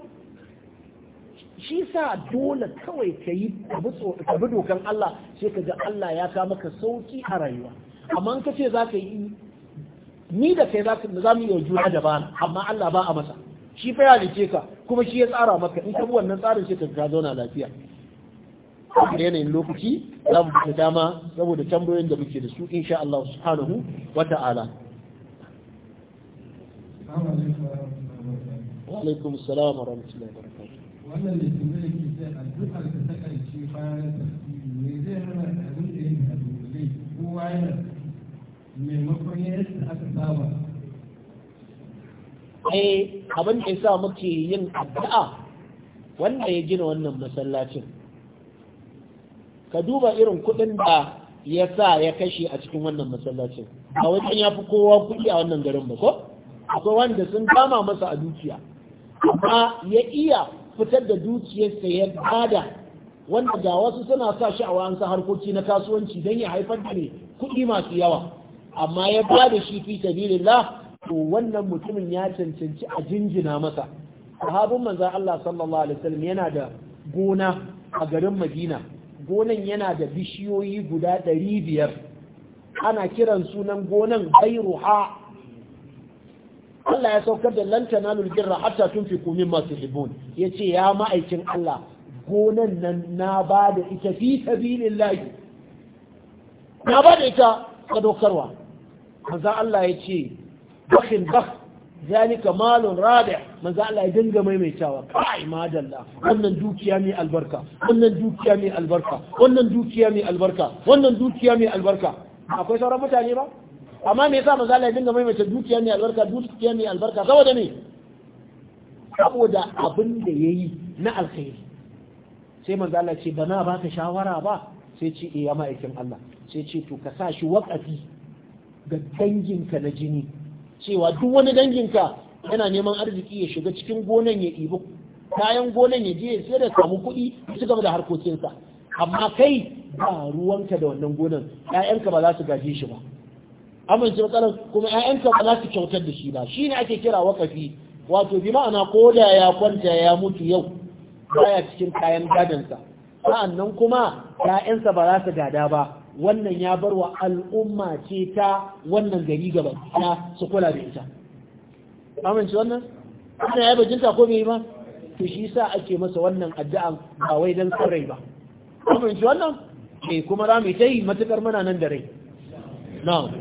shi sa dole kawai ka yi ka dokan Allah sai ka ga Allah ya ka maka sauki a rayuwa amma ka ce za ka yi ni da kai za mu yi wa juna da bana amma Allah ba a masa shi fa ya dace ka kuma shi ya tsara maka in ka bi wannan tsarin sai ka ga zauna lafiya a yanayin lokaci za mu da dama saboda tambayoyin da muke da su insha Allah subhanahu wa ta'ala wa alaikum assalam wa rahmatullahi wa wannan da su zai ke sai addu'ar ta takance bayan tafsiri ne zai hana abin da yake a dole kowa yana maimakon yadda aka saba eh abin da ya sa muke yin addu'a wanda ya gina wannan masallacin ka duba irin kuɗin da ya sa ya kashe a cikin wannan masallacin a wajen ya fi kowa kuɗi a wannan garin ba ko akwai wanda sun kama masa a dukiya amma ya iya fitar da dukiyarsa ya bada wanda ga wasu suna sa shi a wa'ansa harkoki na kasuwanci don ya haifar da ne kuɗi masu yawa amma ya bada shi fi sabilillah to wannan mutumin ya cancanci a jinjina masa sahabin manza Allah sallallahu alaihi wasallam yana da gona a garin Madina gonan yana da bishiyoyi guda ɗari biyar ana kiran sunan gonan bairuha Allah ya saukar da lantana tanalul birra hatta fi mimma masu yace ya ma'aikin Allah gonan nan na ba da ita fi sabilillahi na ba da ita sadaukarwa manzo Allah yace bakin bak zalika malun rabi manzo Allah ya dinga maimaitawa kai dalla wannan dukiya mai albarka wannan dukiya mai albarka wannan dukiya mai albarka wannan dukiya mai albarka akwai sauran mutane ba amma me yasa maza Allah ya dinga maimaita dukiya ne albarka dukiya ne albarka saboda me saboda abin da yayi na alkhairi sai maza Allah ce bana ba ka shawara ba sai ce eh ya ma'aikin Allah sai ce to ka sa shi wakafi ga danginka na jini cewa duk wani dangin ka yana neman arziki ya shiga cikin gonan ya ibi kayan gonan ya je ya sayar da samu kuɗi su gaba da harkokinsa amma kai ba ruwanka da wannan gonan 'ya'yanka ba za su gaje shi ba amince matsalar kuma ƴaƴanka ba za su kyautar da shi ba shi ne ake kira wakafi wato bi ma'ana ko da ya kwanta ya mutu yau baya cikin kayan gadansa sa'annan kuma yayansa ba za su gada ba wannan ya bar wa al'umma ce ta wannan gari gaba ta su kula da ita amince wannan ana ya bajinta ko bai ba to shi sa ake masa wannan addu'an ba wai dan sarai ba amince wannan eh, kuma za ta yi matukar mana nan da rai na'am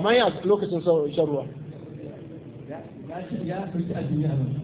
a ya kamar lokacin ruwa ya a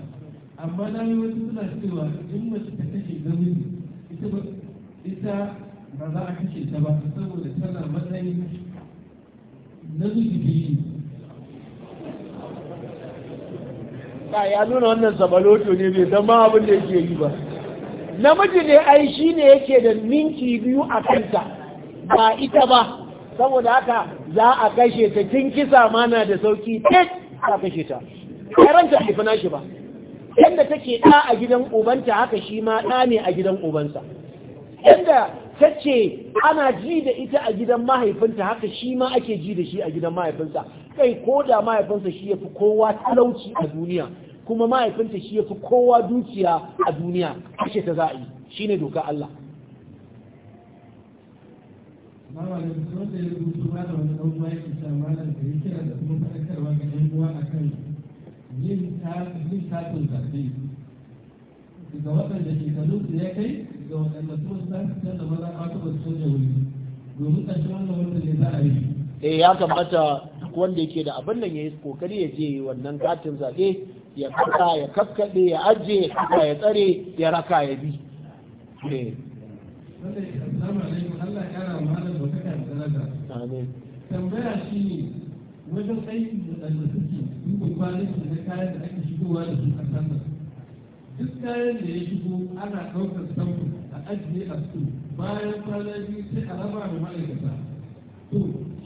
amma na yi wasu suna cewa in mace ta kashe namiji ita ba ita ba za a kashe ta ba saboda tana matsayin namiji biyu ba ya nuna wannan sabaloto ne bai zama abin da yake yi ba namiji ne ai shi ne yake da minki biyu a kanta ba ita ba saboda haka za a kashe ta kin kisa mana da sauki tek a kashe ta karanta haifi na shi ba yadda take ɗa a gidan ubanta haka shi ma ɗa ne a gidan ubansa yadda ta ce ana ji da ita a gidan mahaifinta haka shi ma ake ji da shi a gidan mahaifinsa kai ko da mahaifinsa shi ya fi kowa talauci a duniya kuma mahaifinta shi ya fi kowa dukiya a duniya ashe ta za a yi shi ne doka Allah sun da ya rubutu ba da wani ɗan bayan ya mara da ya kira da kuma faɗakarwa ga ‘yan uwa a kan yin katin zaɓe daga waɗanda shekarunsu ya kai ga waɗanda kuma za su fitar da maza a wata soja wuri domin ƙarshen wannan wanda ne za a yi. eh ya kamata duk wanda yake da abin nan ya yi kokari ya je wannan katin zaɓe ya kaka ya kakkaɗe ya aje ya kaka ya tsare ya raka ya bi. Eh. Wanda ya Allah ya kara mahalar da kakan daraja. Amin. Tambaya shi ne wajen aikin da ɗalibai suke kwanaki na kayan da ake shigowa da su a sama duk kayan da ya shigo ana ɗaukar samfur a ajiye a su bayan kwana biyu sai a raba da ma'aikata to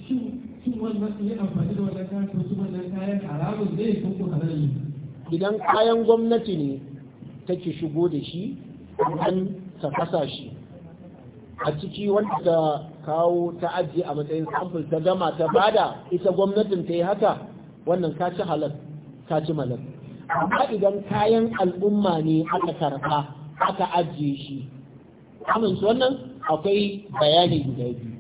shin shin wannan yi amfani da wannan kayan ko su wannan kayan haramun ne ko ko haramun idan kayan gwamnati ne take shigo da shi an ta kasa shi a ciki wanda kawo ta ajiye a matsayin samfur ta gama ta bada ita gwamnatin ta yi haka wannan ka ci halal ka ci amma idan kayan al'umma ne aka karba aka ajiye shi amince wannan akwai bayani guda biyu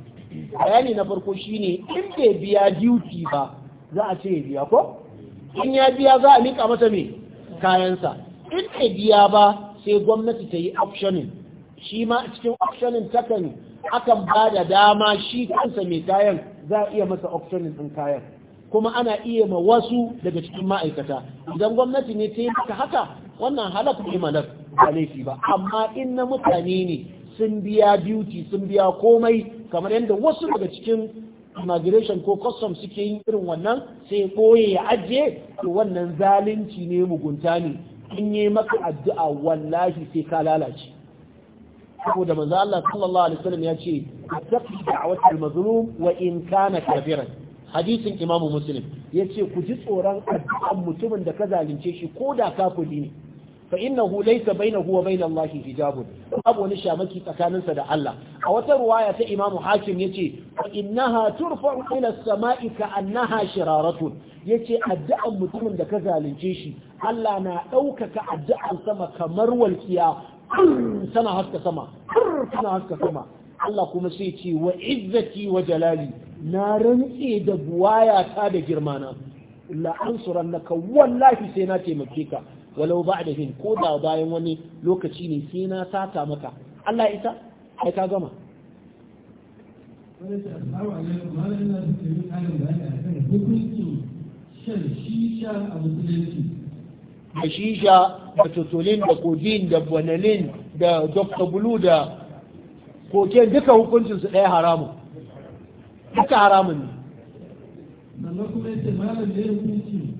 bayani na farko shine in bai biya duty ba za a ce ya biya ko in ya biya za a mika masa mai kayansa in bai biya ba sai gwamnati ta yi optioning shi ma cikin optioning takan akan ba da dama shi kansa mai kayan za a iya masa optionin ɗin kayan kuma ana iya ma wasu daga cikin ma'aikata idan gwamnati ne ta yi maka haka wannan halak ne malak ba laifi ba amma in na mutane ne sun biya beauty sun biya komai kamar yadda wasu daga cikin immigration ko custom suke yin irin wannan sai koye ya ajiye to wannan zalunci ne mugunta ne in yi maka addu'a wallahi sai ka lalace saboda manzo Allah sallallahu alaihi wasallam ya ce da'watul mazlum wa in kana kabiran hadisin Imam Muslim yace ku ji tsoron addu'an mutumin da ka zalunce shi koda kafiri ne fa innahu laysa bainahu wa bain Allah hijabun abu wani shamaki tsakaninsa da Allah a wata ruwaya ta Imam Hakim yace fa innaha turfa'u ila as-sama'i ka'annaha shiraratun yace addu'an mutumin da ka zalunce shi Allah na ɗaukaka addu'an sama kamar walkiya tana haska sama tana haska sama Allah kuma sai ce wa izzati wa jalali na rantse da buwaya ta da na. la ansurannaka wallahi sai na taimake ka walau ba'da hin ko da bayan wani lokaci ne sai na sata maka Allah ita ai ka gama hukunci shan shisha a musulunci da shisha da tutulin da kodin, da bonalin da dokta bulu, da koken duka hukuncin su ɗaya haramun duka haramun ne sannan kuma yace malam da ya hukunci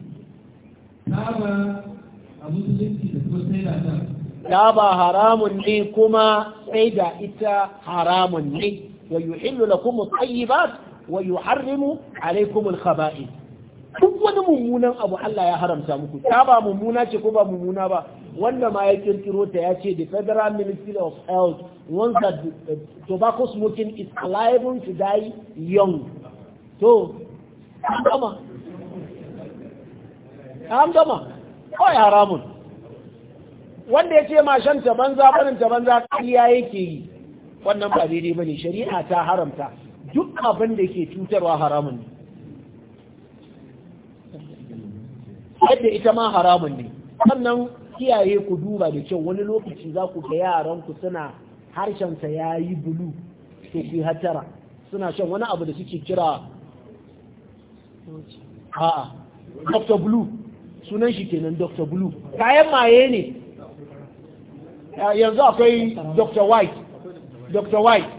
taba a musulunci da kuma sai da ta ba haramun ne kuma sai da ita haramun ne wa yuhillu lakum at ba, wa yuharrimu alaykum al-khaba'ith duk wani mummunan abu Allah ya haramta muku ta ba mummuna ce ko ba mummuna ba wanda ma ya kirkiro ta ya ce the federal ministry of health wants that tobacco smoking is liable to die young to an gama an gama kawai haramun wanda ya ce ma shan ta banza barin ta banza kariya yake yi wannan ba daidai bane shari'a ta haramta duk abin da ke cutarwa haramun ne yadda ita ma haramun ne sannan kiyaye ku duba da kyau wani lokaci za ku ga yaran ku suna harshensa ya yi bulu to ku hatara suna shan wani abu da suke kira a'a dr blue sunan shi kenan dr blue kayan maye ne yanzu akwai dr white dr white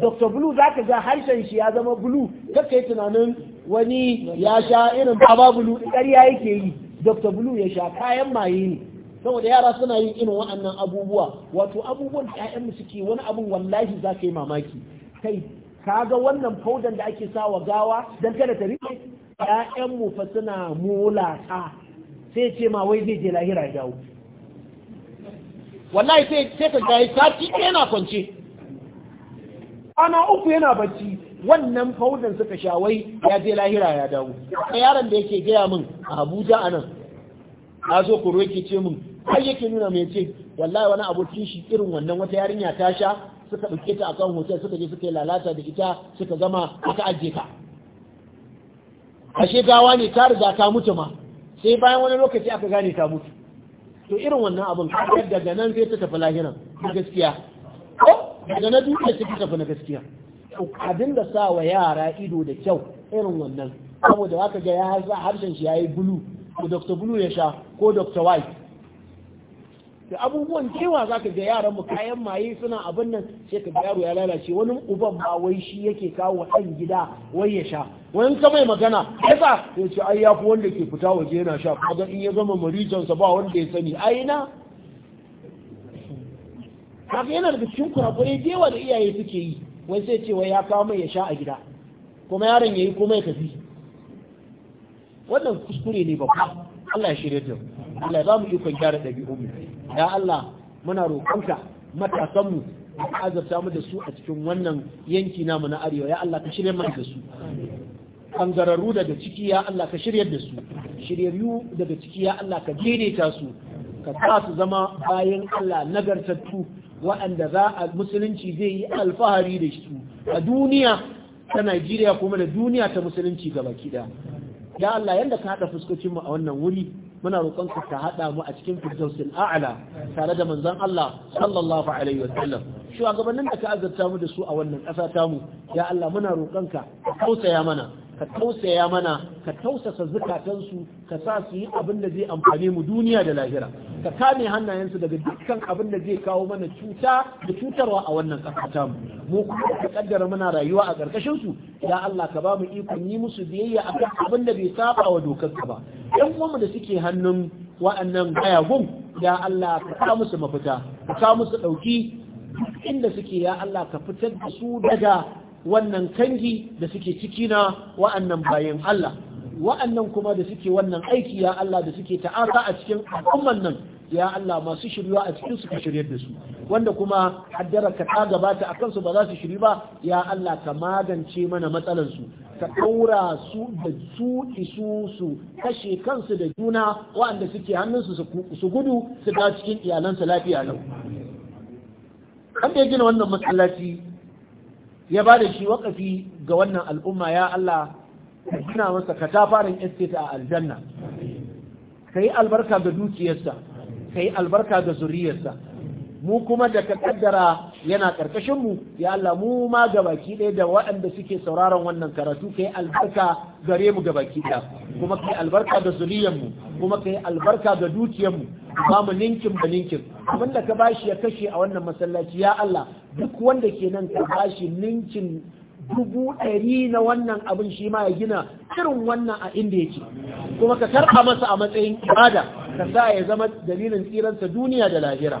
dr blue za ka ga harshen shi ya zama blue kakka yi tunanin wani ya sha irin baba bulu ƙarya yake yi dr bulu ya sha kayan maye ne saboda yara suna yin irin waɗannan abubuwa wato abubuwan da ƴaƴanmu suke wani abun wallahi za ka yi mamaki kai ka ga wannan faudan da ake sa wa gawa dan kada ta rike mu fa suna molata sai ce ma wai zai je lahira dawo wallahi sai ka ga sati yana kwance ana uku yana bacci wannan faudan suka sha wai ya je lahira ya dawo A yaron da yake gaya min a abuja a nan a zo koro yake ce min har yake nuna mai ce wallahi wani abokin shi irin wannan wata yarinya ta sha suka ɗauke ta akan hotel suka je suka yi lalata da ita suka gama aka ajiye ta ashe gawa ne ta riga ta mutu ma sai bayan wani lokaci aka gane ta mutu to irin wannan abin daga nan sai ta tafi lahiran gaskiya ko daga na duniya sai ta tafi na gaskiya abin da sa wa yara ido da kyau irin wannan saboda haka ga ya harshen shi yayi bulu ko Dr. bulu ya sha ko Dr. White da abubuwan cewa za ka ga yaran mu kayan maye suna abin nan sai ka ga yaro ya lalace wani uban ba wai shi yake kawo ɗan gida wai ya sha wani ka mai magana yasa ya ce ai yafi wanda ke fita waje yana sha kaga in ya zama marijansa ba wanda ya sani ai na kaga yana daga cikin kurakurai da da iyaye suke yi wai sai cewa ya kawo mai ya sha a gida kuma yaron ya yi kuma ya tafi wannan kuskure ne babba Allah ya shirya ta Allah za mu kwan gyara ɗabi'un mu ya Allah muna roƙonka matasan mu azabta mu da su a cikin wannan yanki namu na arewa ya Allah ka shirya mana da su kangararru daga ciki ya Allah ka shirya da su shiryayyu daga ciki ya Allah ka daidaita su ka sa su zama bayan Allah nagartattu waɗanda za a musulunci zai yi alfahari da su a duniya ta Najeriya kuma da duniya ta musulunci gaba kida ya Allah yanda ka haɗa fuskocinmu a wannan wuri muna roƙon ka ka haɗa mu a cikin firdausil a'la tare da manzon Allah sallallahu alaihi wasallam shugabannin da ka azarta mu da su a wannan ƙasa tamu ya Allah muna roƙon ka ka mana ka tausaya mana ka tausasa zukatansu ka sa su yi abin da zai amfane mu duniya da lahira ka kame hannayensu daga dukkan abin da zai kawo mana cuta da cutarwa a wannan ƙasa mu mu kuma ka kaddara muna rayuwa a ƙarƙashin su ya Allah ka ba mu ikon yi musu biyayya akan abin da bai saba wa dokar ka ba ɗan uwanmu da suke hannun wa'annan gayagun ya Allah ka ka musu mafita ka sa musu ɗauki inda suke ya Allah ka fitar da su daga wannan kangi da suke ciki na wa'annan bayan Allah wa'annan kuma da suke wannan aiki ya Allah da suke ta'aka a cikin al'umman nan ya Allah masu shiryuwa a cikin su ka shiryar da su wanda kuma haddara ka ta gabata a kansu ba za su shiri ba ya Allah ka magance mana matsalar su ka ɗaura su da su isu su kashe kansu da juna wa'anda suke hannunsu su gudu su da cikin iyalansa lafiya lau an da ya gina wannan masallaci ya ba da shi waƙafi ga wannan al'umma ya Allah suna masa katafarin estate a aljanna ka yi albarka ga dukiyarsa ka yi albarka ga zuriyarsa mu kuma da ka kaddara yana karkashin mu ya Allah mu ma gabaki ɗaya da waɗanda suke sauraron wannan karatu kai albarka gare mu gabaki ɗaya kuma kai albarka ga zuriyar mu kuma kai albarka ga dukiyar mu ba mu ninkin ba ninkin abin da ka bashi ya kashe a wannan masallaci ya Allah duk wanda ke nan ka bashi ninkin dubu ɗari na wannan abin shi ma ya gina irin wannan a inda yake kuma ka karɓa masa a matsayin ibada ka sa ya zama dalilin tsiransa duniya da lahira